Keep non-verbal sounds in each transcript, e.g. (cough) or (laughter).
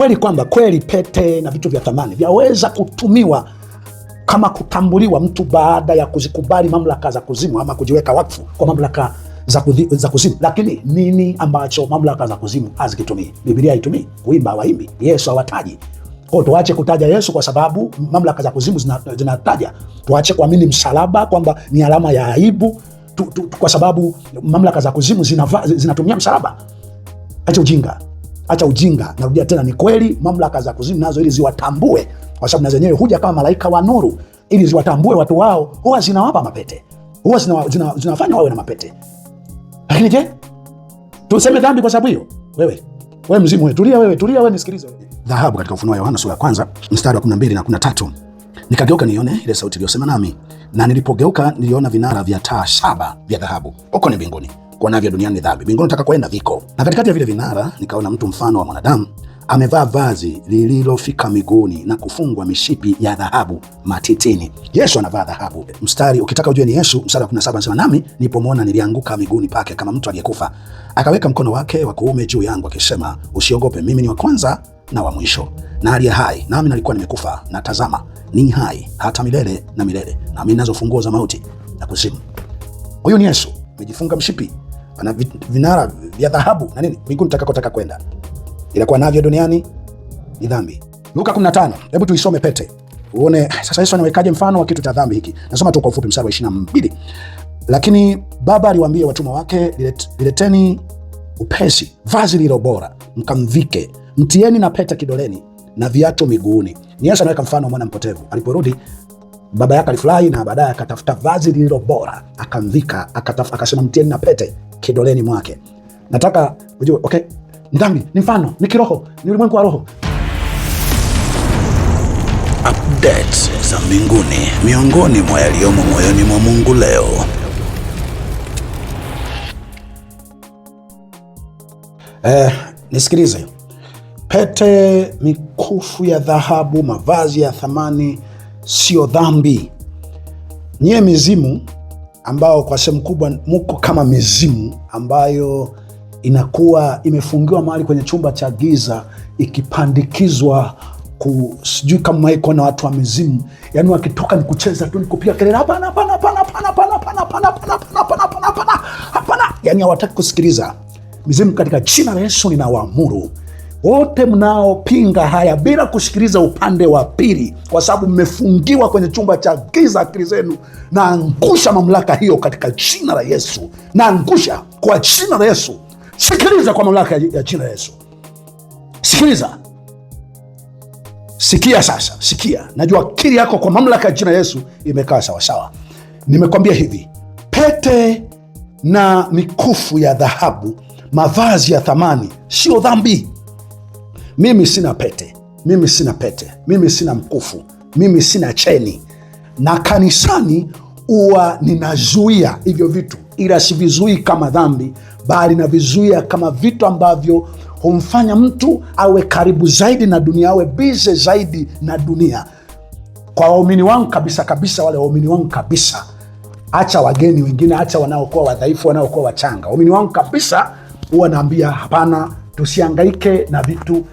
Kweli kwamba kweli pete na vitu vya thamani vyaweza kutumiwa kama kutambuliwa mtu baada ya kuzikubali mamlaka za kuzimu ama kujiweka wakfu kwa mamlaka za, kuzi, za kuzimu. Lakini nini ambacho mamlaka za kuzimu hazikitumii? Biblia haitumii, kuimba hawaimbi, Yesu hawataji kwao. Tuache kutaja Yesu kwa sababu mamlaka za kuzimu zinataja. Tuache kuamini msalaba kwamba ni alama ya aibu tu, tu, kwa sababu mamlaka za kuzimu zinatumia msalaba. Acha ujinga. Acha ujinga, narudia tena, ni kweli mamlaka za kuzimu nazo ili ziwatambue, kwa sababu na zenyewe huja kama malaika wa nuru, ili ziwatambue watu wao, huwa zinawapa mapete, huwa zinawafanya zina, zina wawe na mapete. Lakini je, tuseme dhambi kwa sababu hiyo? Wewe we mzimu we, tulia wewe, tulia wewe, nisikilize dhahabu. Katika Ufunuo wa Yohana sura ya kwanza mstari wa 12 na 13, nikageuka nione ile sauti iliyosema nami, na nilipogeuka niliona vinara vya taa saba vya dhahabu huko ni mbinguni kwa navyo duniani ni dhambi, mbinguni nataka kwenda viko. Na katikati ya vile vinara nikaona mtu mfano wa mwanadamu amevaa vazi lililofika miguuni na kufungwa mishipi ya dhahabu matitini. Yesu anavaa dhahabu. Mstari ukitaka ujue ni Yesu, mstari wa 17 anasema, nami nilipomwona nilianguka miguuni pake kama mtu aliyekufa, akaweka mkono wake wa kuume juu yangu akisema, usiogope, mimi ni wa kwanza na wa mwisho na aliye hai, nami nalikuwa nimekufa, na tazama ni hai hata milele na milele, nami nazo funguo za mauti na kuzimu. Huyu ni Yesu, amejifunga mshipi ana vinara vya dhahabu na nini kuliko mtakakotaka kwenda, ila kuwa navyo duniani ni dhambi. Luka 15, hebu tuisome pete uone sasa Yesu anawekaje mfano wa kitu cha dhambi hiki. Nasoma tu kwa ufupi mstari wa 22. Lakini baba aliwaambia watumwa wake, lileteni upesi vazi lilo bora, mkamvike, mtieni na pete kidoleni na viatu miguuni. Ni Yesu anaweka mfano wa mwana mpotevu. Aliporudi Baba yake alifurahi na baadaye akatafuta vazi lililo bora akamvika, akasema mtieni na pete kidoleni mwake. Nataka ujue, okay, ndani ni mfano, ni kiroho, ni ulimwengu wa roho. Updates za mbinguni, miongoni mwa yaliyomo moyoni mwa Mungu leo. Eh, nisikilize. Pete, mikufu ya dhahabu, mavazi ya thamani sio dhambi. Nyie mizimu ambao kwa sehemu kubwa muko kama mizimu ambayo inakuwa imefungiwa mahali kwenye chumba cha giza ikipandikizwa ku, sijui kama iko na watu wa mizimu, yani wakitoka ni kucheza tu, ni kupiga kelele, hapana, hapana, hapana, hapana, hapana, hapana, hapana, yani hawataki kusikiliza. Mizimu katika jina la Yesu ninawaamuru wote mnaopinga haya bila kusikiliza upande wa pili, kwa sababu mmefungiwa kwenye chumba cha giza akili zenu, na angusha mamlaka hiyo katika jina la Yesu, na angusha kwa jina la Yesu. Sikiliza kwa mamlaka ya jina la Yesu, sikiliza Sikia sasa, sikia. Najua akili yako kwa mamlaka ya jina Yesu imekaa sawasawa. Nimekwambia hivi, pete na mikufu ya dhahabu, mavazi ya thamani sio dhambi. Mimi sina pete, mimi sina pete, mimi sina mkufu, mimi sina cheni, na kanisani huwa ninazuia hivyo vitu, ila sivizuii kama dhambi, bali navizuia kama vitu ambavyo humfanya mtu awe karibu zaidi na dunia, awe bize zaidi na dunia. Kwa waumini wangu kabisa kabisa, wale waumini wangu kabisa, acha wageni wengine, acha wanaokuwa wadhaifu, wanaokuwa wachanga, waumini wangu kabisa, huwa naambia hapana, tusiangaike na vitu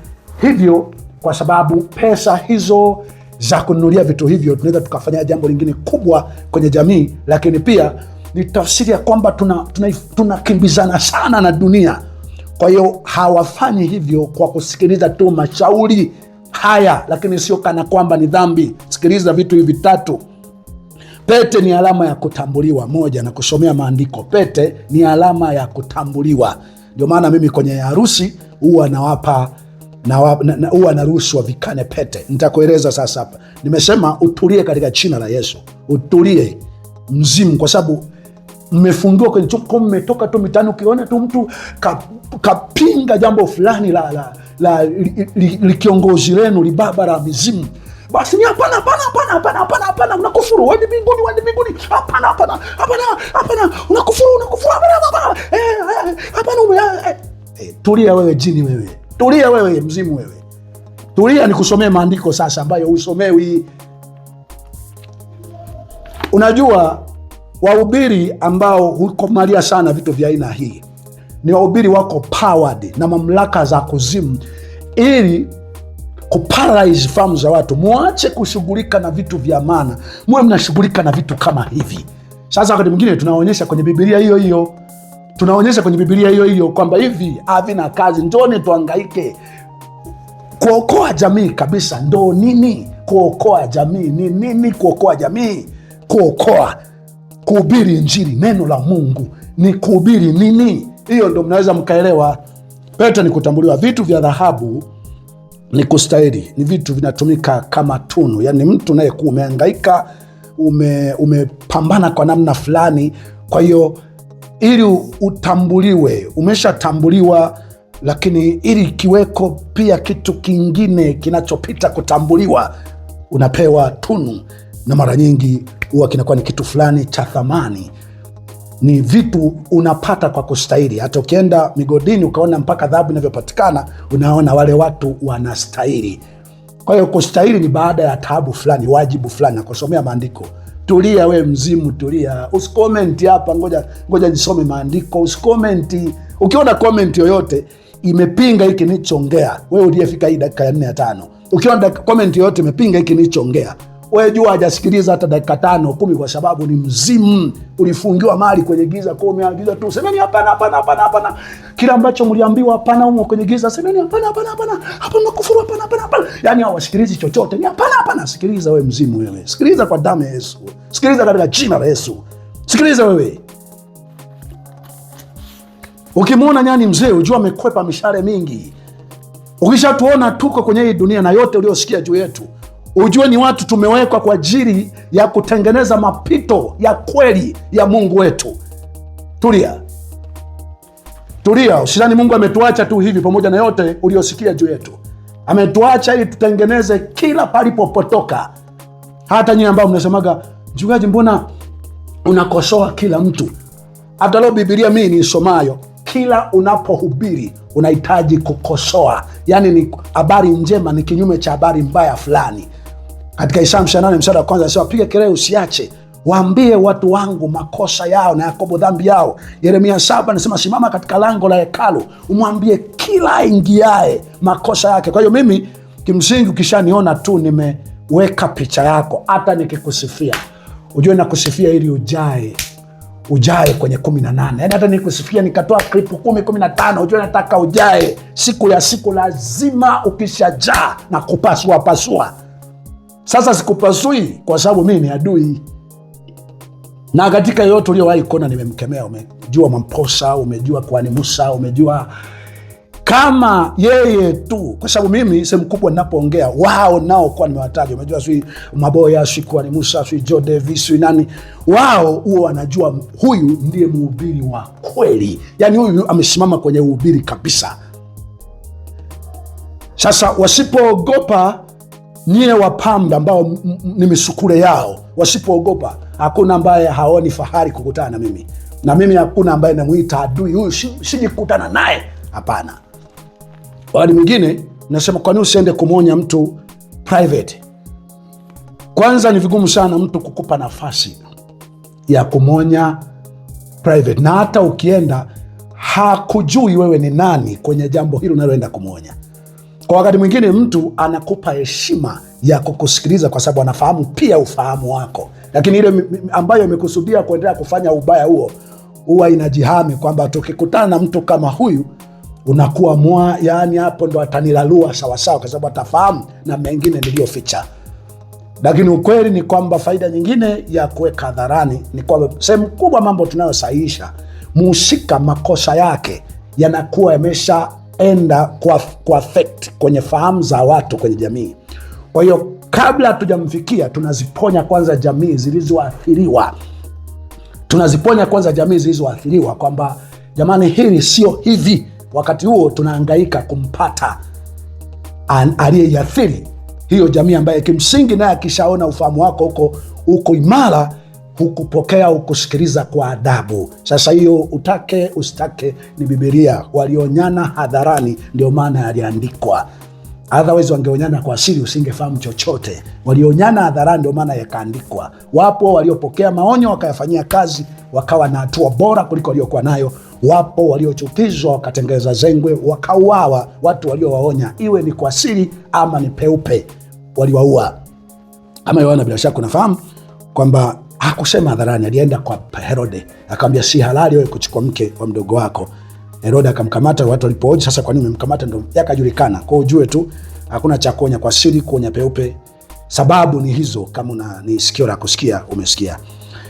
Hivyo kwa sababu pesa hizo za kununulia vitu hivyo, tunaweza tukafanya jambo lingine kubwa kwenye jamii, lakini pia ni tafsiri ya kwamba tunakimbizana tuna, tuna sana na dunia. Kwa hiyo hawafanyi hivyo kwa kusikiliza tu mashauri haya, lakini sio kana kwamba ni dhambi. Sikiliza vitu hivi vitatu. Pete ni alama ya kutambuliwa. Moja, na kusomea maandiko. Pete ni alama ya kutambuliwa. Ndio maana mimi kwenye harusi huwa nawapa na, na, na huwa naruhusu wavikane pete. Nitakueleza sasa hapa. Nimesema utulie katika jina la Yesu, utulie mzimu, kwa sababu mmefungiwa kwenye chuko, mmetoka tu mitaani, ukiona tu mtu kapinga ka jambo fulani la, la, la li, li, li lenu libaba la mizimu basi ni hapana, hapana, hapana, hapana, hapana, hapana, unakufuru wewe mbinguni, wewe mbinguni, hapana, hapana, hapana, hapana, unakufuru, unakufuru, hapana, hapana, eh, hapana, ume eh, tulia wewe jini wewe Tulia wewe, mzimu wewe, tulia, nikusomee maandiko sasa ambayo usomewi. Unajua, wahubiri ambao hukomalia sana vitu vya aina hii ni wahubiri wako powered na mamlaka za kuzimu ili kuparalyze fahamu za watu. Mwache kushughulika na vitu vya maana, muwe mnashughulika na vitu kama hivi. Sasa wakati mwingine tunaonyesha kwenye Bibilia hiyo hiyo tunaonyesha kwenye Bibilia hiyo hiyo kwamba hivi havina kazi, njoni tuangaike kuokoa jamii kabisa. Ndo nini kuokoa jamii? Ni nini kuokoa jamii? Kuokoa, kuhubiri Injili, neno la Mungu ni kuhubiri nini? Hiyo ndo mnaweza mkaelewa. Petro ni kutambuliwa. Vitu vya dhahabu ni kustahili, ni vitu vinatumika kama tunu, Yani mtu nayekuwa umeangaika, ume, umepambana kwa namna fulani, kwa hiyo ili utambuliwe, umeshatambuliwa, lakini ili kiweko pia kitu kingine kinachopita kutambuliwa, unapewa tunu, na mara nyingi huwa kinakuwa ni kitu fulani cha thamani ni vitu unapata kwa kustahili. Hata ukienda migodini ukaona mpaka dhahabu inavyopatikana, unaona wale watu wanastahili. Kwa hiyo kustahili ni baada ya taabu fulani, wajibu fulani, na kusomea maandiko Tulia we mzimu, tulia, usikomenti hapa. Ngoja ngoja nisome maandiko, usikomenti. Ukiona komenti yoyote imepinga hiki nichongea, wewe uliyefika hii dakika ya nne ya tano, ukiona komenti yoyote imepinga hiki nichongea, wewe jua hajasikiliza hata dakika tano kumi, kwa sababu ni mzimu. Ulifungiwa mali kwenye giza, kwa umeagiza tu semeni hapana, hapana, hapana, hapana. Kila ambacho mliambiwa hapana, umo kwenye giza, semeni hapana, hapana, hapana, hapana, kufuru, hapana, hapana, hapana. Yani hawasikilizi chochote, ni hapana, hapana. Sikiliza wewe mzimu, wewe sikiliza kwa damu ya Yesu, sikiliza katika jina la Yesu, sikiliza wewe. Ukimwona nyani mzee, ujua amekwepa mishale mingi. Ukishatuona tuko kwenye hii dunia na yote uliosikia juu yetu Ujue ni watu tumewekwa kwa ajili ya kutengeneza mapito ya kweli ya Mungu wetu. Tulia, tulia, usidhani Mungu ametuacha tu hivi. Pamoja na yote uliosikia juu yetu, ametuacha ili tutengeneze kila palipopotoka. Hata nyie ambao mnasemaga mchungaji, mbona unakosoa kila mtu? Hata leo Bibilia mii niisomayo kila unapohubiri unahitaji kukosoa, yaani ni habari njema ni kinyume cha habari mbaya fulani katika Isaya 58 mstari wa kwanza anasema, piga kelele usiache, waambie watu wangu makosa yao na Yakobo dhambi yao. Yeremia saba anasema, simama katika lango la hekalu umwambie kila aingiaye makosa yake. Kwa hiyo mimi kimsingi, ukishaniona tu nimeweka picha yako, hata nikikusifia ujue nakusifia ili ujae ujae kwenye kumi na nane. Yani hata nikusifia nikatoa klipu kumi kumi na tano, ujue nataka ujae siku ya siku. Lazima ukishajaa na kupasuapasua pasua sasa sikupasui kwa sababu mimi ni adui, na katika yote uliowahi kuona nimemkemea, umejua Mwamposa, umejua Kwani Musa, umejua kama yeye tu, kwa sababu mimi sehemu kubwa ninapoongea wao nao kwa nimewataja, umejua sui Maboya, sui Kwani Musa, sui Joe Davis, sui nani, wao huo wanajua huyu ndiye mhubiri wa kweli, yaani huyu amesimama kwenye uhubiri kabisa. Sasa wasipoogopa nyie wapamba ambao ni misukule yao, wasipoogopa, hakuna ambaye haoni fahari kukutana na mimi, na mimi hakuna ambaye namwita adui huyu, sijikutana naye, hapana. Wakati mwingine nasema, kwa usiende kumwonya mtu private? Kwanza ni vigumu sana mtu kukupa nafasi ya kumwonya private, na hata ukienda hakujui wewe ni nani kwenye jambo hilo unaloenda kumwonya. Kwa wakati mwingine mtu anakupa heshima ya kukusikiliza kwa sababu anafahamu pia ufahamu wako, lakini ile ambayo imekusudia kuendelea kufanya ubaya huo huwa inajihami kwamba tukikutana na mtu kama huyu unakuwa mwa, yaani hapo ndo atanilalua sawasawa, kwa sababu atafahamu na mengine niliyoficha. Lakini ukweli ni kwamba faida nyingine ya kuweka hadharani ni kwamba sehemu kubwa mambo tunayosahihisha, muhusika makosa yake yanakuwa yamesha kuenda kwa, kwa kwenye fahamu za watu kwenye jamii. Kwa hiyo kabla hatujamfikia tunaziponya kwanza jamii zilizoathiriwa, tunaziponya kwanza jamii zilizoathiriwa kwamba jamani, hili sio hivi. Wakati huo tunahangaika kumpata aliyeiathiri hiyo jamii, ambaye kimsingi naye akishaona ufahamu wako huko huko imara hukupokea hukusikiliza kwa adabu. Sasa hiyo utake usitake ni Bibilia, walionyana hadharani, ndio maana yaliandikwa. Otherwise wangeonyana kwa siri, usingefahamu chochote. Walionyana hadharani, ndio maana yakaandikwa. Wapo waliopokea maonyo wakayafanyia kazi, wakawa na hatua bora kuliko waliokuwa nayo. Wapo waliochukizwa wakatengeza zengwe, wakauawa. Watu waliowaonya iwe ni kwa siri ama ni peupe, waliwaua. Ama Yohana bila shaka unafahamu kwamba hakusema hadharani, alienda kwa Herode akamwambia, si halali wewe kuchukua mke wa mdogo wako. Herode akamkamata, watu walipohoji sasa, kwa nini umemkamata, ndo yakajulikana. Kwa ujue tu hakuna cha kuonya kwa siri, kuonya peupe. Sababu ni hizo, kama una ni sikio la kusikia, umesikia.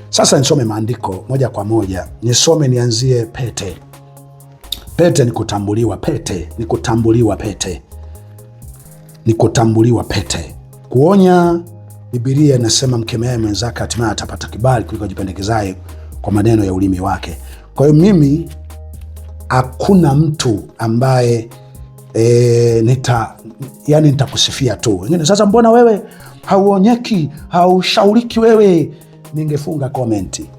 Sasa nisome maandiko moja kwa moja, nisome nianzie pete. Pete ni kutambuliwa, pete ni kutambuliwa, pete ni kutambuliwa, pete kuonya Biblia inasema mkemeaye mwenzake hatimaye atapata kibali kuliko ajipendekezaye kwa maneno ya ulimi wake. Kwa hiyo mimi hakuna mtu ambaye e, nita yani nitakusifia tu. Wengine sasa, mbona wewe hauonyeki haushauriki? Wewe ningefunga komenti.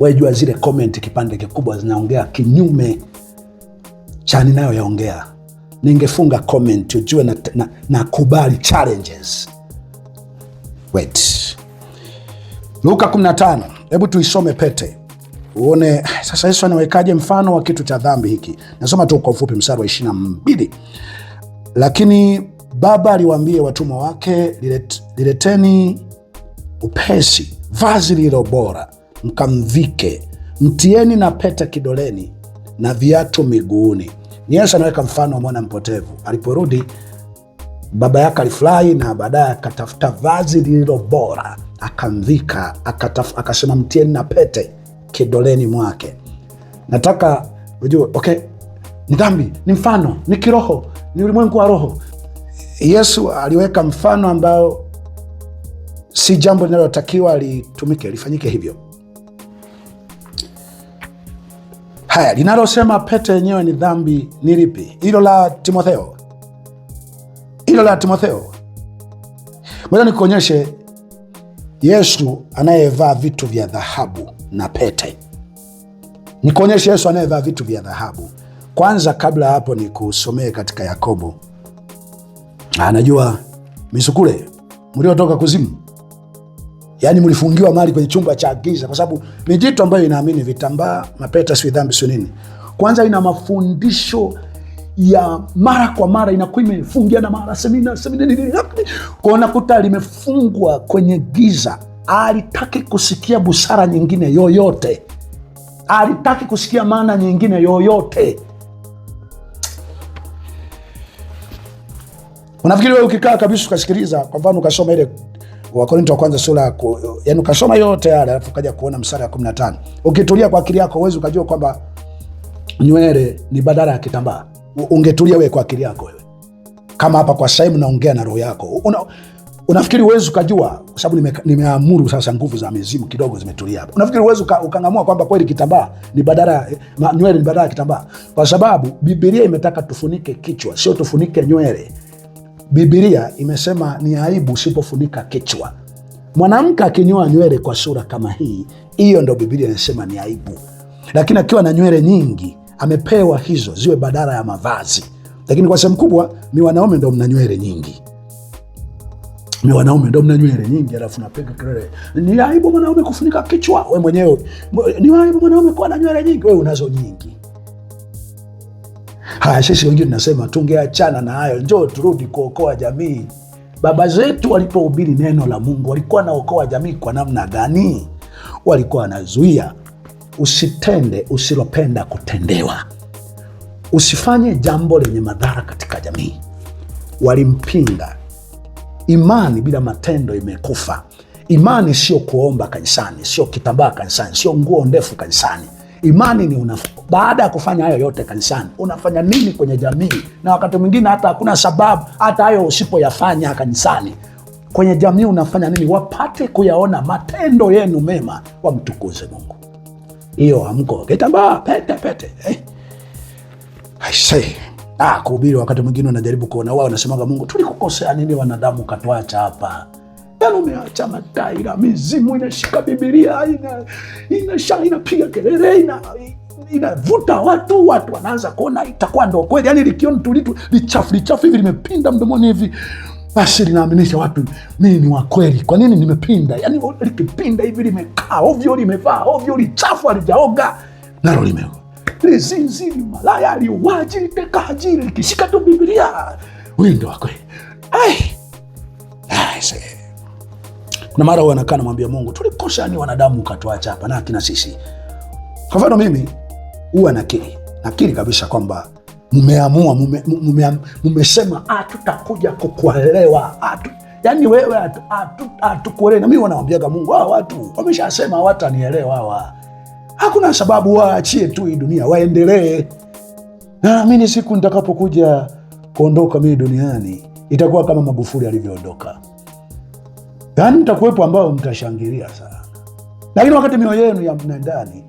Wewe jua zile komenti kipande kikubwa zinaongea kinyume cha ninayoyaongea. Ningefunga komenti ujue nakubali na, na challenges Wait. Luka 15, hebu tuisome pete uone sasa Yesu anawekaje mfano wa kitu cha dhambi hiki. Nasoma tu kwa ufupi mstari wa 22. Lakini baba aliwaambia watumwa wake, lileteni upesi vazi lilo bora, mkamvike, mtieni na pete kidoleni na viatu miguuni. Ni Yesu anaweka mfano wa mwana mpotevu. Aliporudi Baba yake alifurahi na baadaye akatafuta vazi lililo bora akamvika, akasema mtieni na pete kidoleni mwake. Nataka ujue okay, ni dhambi, ni mfano, ni kiroho, ni ulimwengu wa roho. Yesu aliweka mfano ambao si jambo linalotakiwa litumike, lifanyike hivyo. Haya, linalosema pete yenyewe ni dhambi ni lipi? Hilo la Timotheo jina la Timotheo. Ngoja nikuonyeshe Yesu anayevaa vitu vya dhahabu na pete. Nikuonyeshe Yesu anayevaa vitu vya dhahabu. Kwanza kabla hapo, ni kusomee katika Yakobo. Anajua misukule mliotoka kuzimu, yaani mlifungiwa mali kwenye chumba cha giza, kwa sababu ni jitu ambayo inaamini vitambaa, mapeta, si dhambi, si nini. Kwanza ina mafundisho ya mara kwa mara inakuwa imefungia na mara semina semina, nini kwa unakuta limefungwa kwenye giza. Alitaki kusikia busara nyingine yoyote, alitaki kusikia maana nyingine yoyote. Unafikiri wewe ukikaa kabisa ukasikiliza, kwa mfano ukasoma ile Wakorinto wa kwanza sura ku, yani ukasoma yote yale alafu ukaja kuona mstari wa 15 ukitulia kwa akili yako huwezi ukajua kwamba nywele ni badala ya kitambaa ungetulia wewe kwa akili yako wewe, kama hapa kwa saimu naongea na roho yako una, unafikiri uwezi ukajua kwa sababu nime, nimeamuru sasa nguvu za mizimu kidogo zimetulia hapa. Unafikiri uwezi uka, ukangamua kwamba kweli kitambaa ni badala ya eh, nywele ni badala ya kitambaa? Kwa sababu Bibilia imetaka tufunike kichwa, sio tufunike nywele. Bibilia imesema ni aibu usipofunika kichwa. Mwanamke akinyoa nywele kwa sura kama hii, hiyo ndo Bibilia inasema ni aibu, lakini akiwa na nywele nyingi amepewa hizo ziwe badala ya mavazi, lakini kwa sehemu kubwa mi wanaume ndo mna nywele nyingi ni wanaume ndo mna nywele nyingi, alafu napiga kelele, ni aibu mwanaume kufunika kichwa. We mwenyewe ni aibu mwanaume kuwa na nywele nyingi, wewe unazo nyingi. Haya, sisi wengine tunasema tungeachana na hayo, njoo turudi kuokoa jamii. Baba zetu walipohubiri neno la Mungu walikuwa naokoa jamii kwa namna gani? Walikuwa wanazuia Usitende usilopenda kutendewa. Usifanye jambo lenye madhara katika jamii. Walimpinga. Imani bila matendo imekufa. Imani sio kuomba kanisani, sio kitambaa kanisani, sio nguo ndefu kanisani. Imani ni unaf... baada ya kufanya hayo yote kanisani, unafanya nini kwenye jamii? Na wakati mwingine hata hakuna sababu, hata hayo usipoyafanya kanisani, kwenye jamii unafanya nini? Wapate kuyaona matendo yenu mema, wamtukuze Mungu hiyo amko kitambaa pete pete eh. Aisee, ah, kuhubiri wakati mwingine unajaribu kuona wao wanasemaga Mungu, tulikukosea nini wanadamu katuacha hapa? Yaani umeacha mataira, mizimu inashika Bibilia inapiga ina, ina kelele ina, inavuta watu, watu wanaanza kuona itakuwa ndio kweli. Yaani likiona tulitu lichafu lichafu hivi limepinda mdomoni hivi basi linaaminisha watu mimi ni wakweli. Kwa nini nimepinda? Yani likipinda hivi limekaa ovyo, limevaa ovyo, lichafu, alijaoga nalo limeo lizinzi, limalaya, liuaji, litekaji, likishika tu Bibilia, huyu ndo wa Kuna mara huyo anakaa namwambia Mungu, tulikosa ni wanadamu ukatuacha hapa na akina sisi. Kwa mfano mimi huwa nakiri nakiri kabisa kwamba mmeamua, mmesema hatutakuja kukuelewa. hatu, Yani wewe hatukuelewi. Na mi wanawambiaga Mungu, hawa watu wameshasema hawatanielewa hawa, hakuna sababu, waachie tu hii dunia waendelee. Naamini siku nitakapokuja kuondoka mii duniani itakuwa kama Magufuli alivyoondoka, yaani mtakuwepo ambao mtashangilia sana, lakini wakati mioyo yenu ya mnandani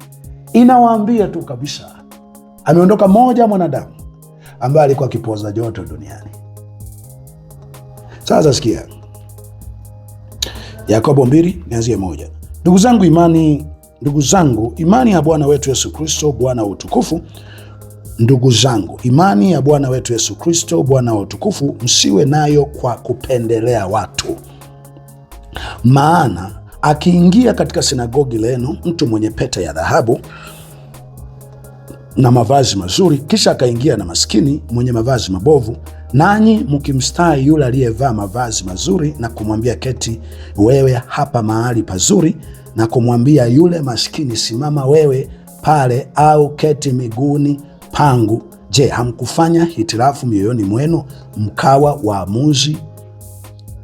inawaambia tu kabisa ameondoka mmoja mwanadamu ambaye alikuwa akipoza joto duniani. Sasa sikia, Yakobo mbili nianzie moja. Ndugu zangu imani, ndugu zangu imani ya Bwana wetu Yesu Kristo Bwana wa utukufu Ndugu zangu imani ya Bwana wetu Yesu Kristo Bwana wa utukufu, msiwe nayo kwa kupendelea watu. Maana akiingia katika sinagogi lenu mtu mwenye pete ya dhahabu, na mavazi mazuri, kisha akaingia na maskini mwenye mavazi mabovu, nanyi mkimstahi yule aliyevaa mavazi mazuri na kumwambia keti wewe hapa mahali pazuri, na kumwambia yule maskini simama wewe pale, au keti miguuni pangu, je, hamkufanya hitilafu mioyoni mwenu mkawa waamuzi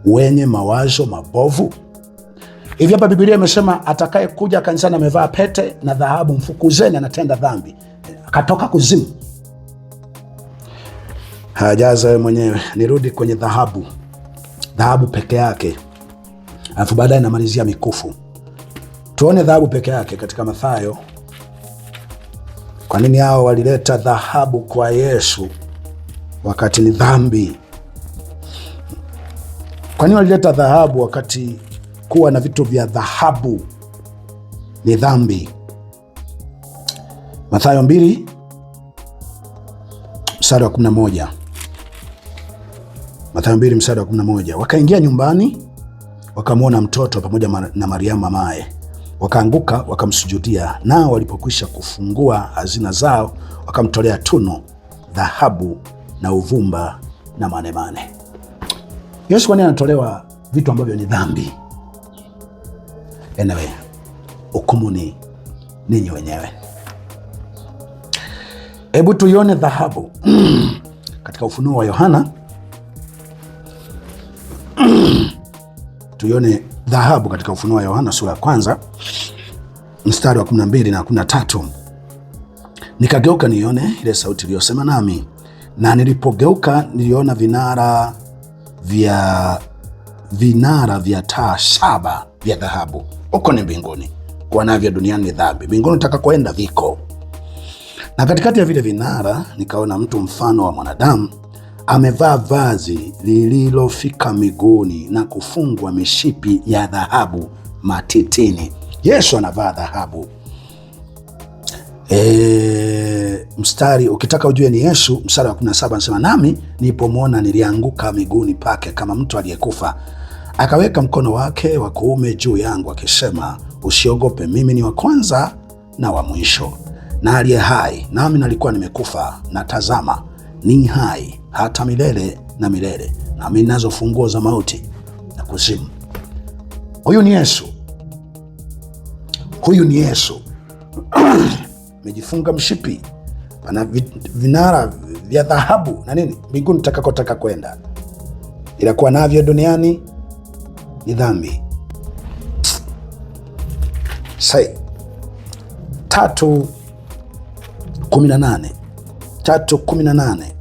wenye mawazo mabovu? Hivi hapa Biblia imesema atakaye kuja kanisani amevaa pete na dhahabu, mfukuzeni, anatenda dhambi, akatoka kuzimu. Hajaza wewe mwenyewe. Nirudi kwenye dhahabu, dhahabu peke yake, alafu baadaye namalizia mikufu. Tuone dhahabu peke yake katika Mathayo. Kwa nini hao walileta dhahabu kwa Yesu wakati ni dhambi? Kwa nini walileta dhahabu wakati kuwa na vitu vya dhahabu ni dhambi. Mathayo 2 mstari wa 11. Mathayo 2 mstari wa 11, wakaingia nyumbani wakamwona mtoto pamoja na Mariamu mamaye, wakaanguka wakamsujudia. Nao walipokwisha kufungua hazina zao, wakamtolea tuno, dhahabu na uvumba na manemane. Yesu kwa nini anatolewa vitu ambavyo ni dhambi? Anyway, hukumu ni ninyi wenyewe. Hebu tuione dhahabu (clears throat) katika Ufunuo wa Yohana (clears throat) tuione dhahabu katika Ufunuo wa Yohana sura ya kwanza mstari wa 12 na 13. Nikageuka nione ile sauti iliyosema nami, na nilipogeuka niliona vinara vya vinara vya taa saba vya dhahabu huko ni mbinguni, kwa navyo duniani ni dhambi. Mbinguni kwenda viko. Na katikati ya vile vinara nikaona mtu mfano wa mwanadamu amevaa vazi lililofika miguuni na kufungwa mishipi ya dhahabu matitini. Yesu anavaa dhahabu. E, mstari ukitaka ujue ni Yesu, mstari wa 17 anasema, nami nilipomwona nilianguka miguuni pake kama mtu aliyekufa Akaweka mkono wake wa kuume juu yangu akisema, usiogope, mimi ni wa kwanza na wa mwisho na aliye hai, nami nalikuwa nimekufa, na tazama ni hai hata milele na milele, nami ninazo funguo za mauti na kuzimu. Huyu ni Yesu, huyu ni Yesu (clears throat) mejifunga mshipi, ana vinara vya dhahabu na nini mbinguni takakotaka kwenda, ila kuwa navyo duniani ni dhambi. tatu kumi na nane tatu kumi na nane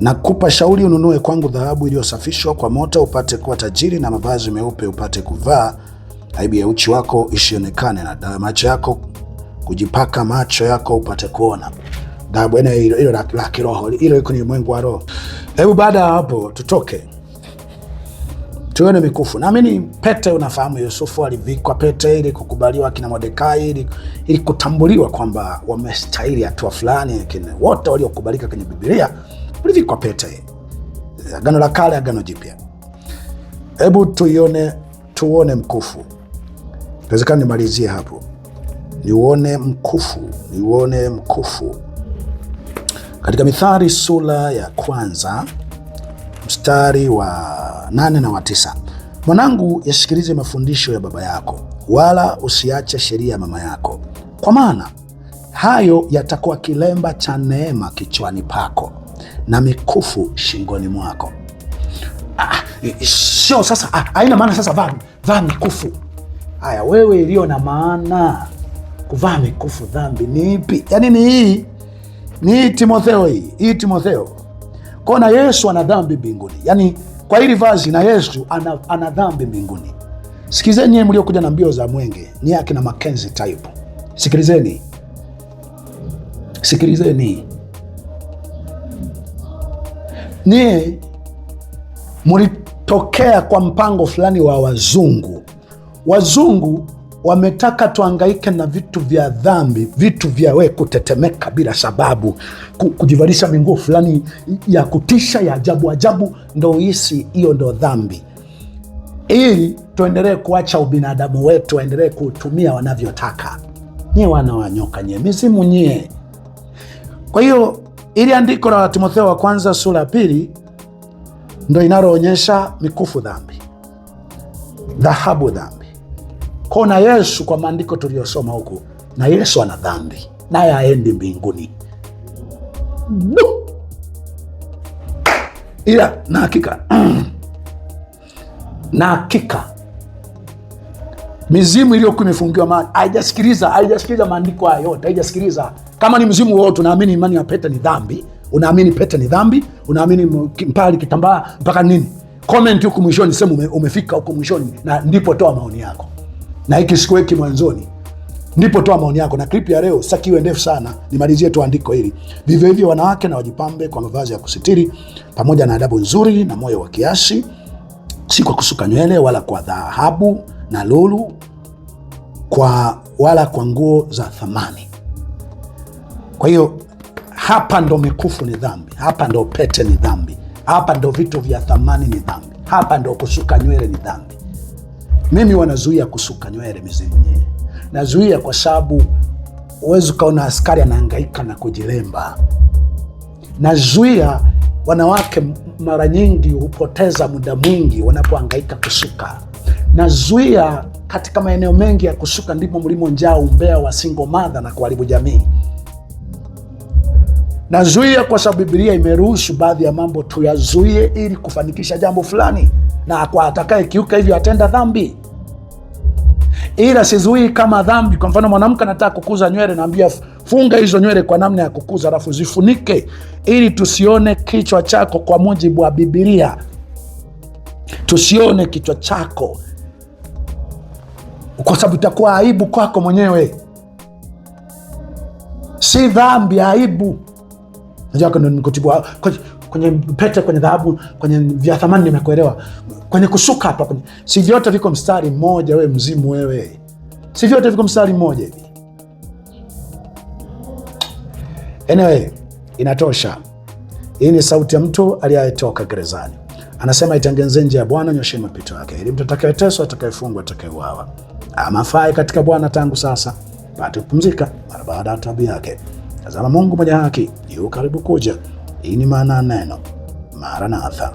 Nakupa shauri ununue kwangu dhahabu iliyosafishwa kwa moto, upate kuwa tajiri, na mavazi meupe upate kuvaa, aibu ya uchi wako isionekane, na macho yako kujipaka macho yako upate kuona. Dhahabu ene hilo la kiroho, hilo iko ni mwengu wa roho. Hebu baada ya hapo tutoke tuone mikufu. Naamini pete, unafahamu Yusufu alivikwa pete ili kukubaliwa kina Mordekai, ili, ili kutambuliwa kwamba wamestahili hatua fulani. Lakini wote waliokubalika kwenye Biblia walivikwa pete, Agano la Kale, Agano Jipya. Hebu tuione, tuone mkufu. Inawezekana nimalizie hapo, niuone mkufu, niuone mkufu katika Mithali sura ya kwanza mstari wa nane na wa tisa. Mwanangu, yasikilize mafundisho ya baba yako, wala usiache sheria ya mama yako, kwa maana hayo yatakuwa kilemba cha neema kichwani pako na mikufu shingoni mwako. Ah, ah sio sasa, ah, haina ah, maana sasa vaa vaa mikufu. Haya, wewe iliyo na maana kuvaa mikufu, dhambi ni ipi? Yaani ni hii ni hii Timotheo, hii hii Timotheo kwa na Yesu ana dhambi mbinguni, yaani kwa hili vazi na Yesu ana, ana dhambi mbinguni. Sikilizeni nyie mliokuja na mbio za mwenge, ni akina makenzi type, sikilizeni, sikilizeni nie mulitokea kwa mpango fulani wa wazungu. Wazungu Wametaka tuangaike na vitu vya dhambi, vitu vya we kutetemeka bila sababu, kujivalisha minguo fulani ya kutisha ya ajabu ajabu, ndo hisi hiyo, ndo dhambi, ili tuendelee kuacha ubinadamu wetu waendelee kuutumia wanavyotaka. Nyie wana wanyoka, nyie mizimu nyie. Kwa hiyo ili andiko la Watimotheo wa kwanza sura ya pili ndo inaloonyesha mikufu dhambi, dhahabu dhambi kwao na Yesu, kwa maandiko tuliyosoma huku, na Yesu ana dhambi naye aendi mbinguni ila na hakika (clears throat) na hakika mizimu iliyokuwa imefungiwa maji haijasikiliza, haijasikiliza maandiko hayo yote, haijasikiliza. Kama ni mzimu wote, unaamini imani ya pete ni dhambi, unaamini pete ni dhambi, unaamini mpali kitambaa mpaka nini? Komenti huku mwishoni, sehemu umefika huku mwishoni, na ndipo toa maoni yako na hiki sikuweki mwanzoni, ndipo toa maoni yako. Na klipu ya leo sakiwe ndefu sana, nimalizie tu andiko hili. Vivyo hivyo wanawake na wajipambe kwa mavazi ya kusitiri, pamoja na adabu nzuri na moyo wa kiasi, si kwa kusuka nywele wala kwa dhahabu na lulu kwa wala kwa nguo za thamani. Kwa hiyo hapa ndo mikufu ni dhambi, hapa ndo pete ni dhambi, hapa ndo vitu vya thamani ni dhambi, hapa ndo kusuka nywele ni dhambi. Mimi wanazuia kusuka nywele mizimu nyee, nazuia kwa sababu huwezi ukaona askari anaangaika na kujilemba. Nazuia wanawake, mara nyingi hupoteza muda mwingi wanapoangaika kusuka. Nazuia katika maeneo mengi ya kusuka, ndipo mlimo njaa umbea wa single mother na kuharibu jamii. Nazuia kwa sababu Biblia imeruhusu baadhi ya mambo tuyazuie ili kufanikisha jambo fulani, na kwa atakaye kiuka hivyo atenda dhambi ila sizuii kama dhambi. Kwa mfano, mwanamke anataka kukuza nywele, naambia funga hizo nywele kwa namna ya kukuza, alafu zifunike ili tusione kichwa chako, kwa mujibu wa Bibilia, tusione kichwa chako kwa sababu itakuwa aibu kwako mwenyewe. Si dhambi, aibu kwenye pete, kwenye dhahabu, kwenye vya thamani, nimekuelewa. Kwenye kushuka hapa, kwenye si vyote viko mstari mmoja. Wewe mzimu wewe, si vyote viko mstari mmoja hivi. Anyway, inatosha. Hii ni sauti ya mtu aliyetoka gerezani, anasema itangenzeni njia ya Bwana, nyoshe mapito yake, ili mtu atakayeteswa, atakayefungwa, atakayeuawa amafai katika Bwana tangu sasa pate kupumzika mara baada ya tabu yake. Tazama, Mungu mwenye haki yu karibu kuja. Hii ni maana ya neno Maranatha.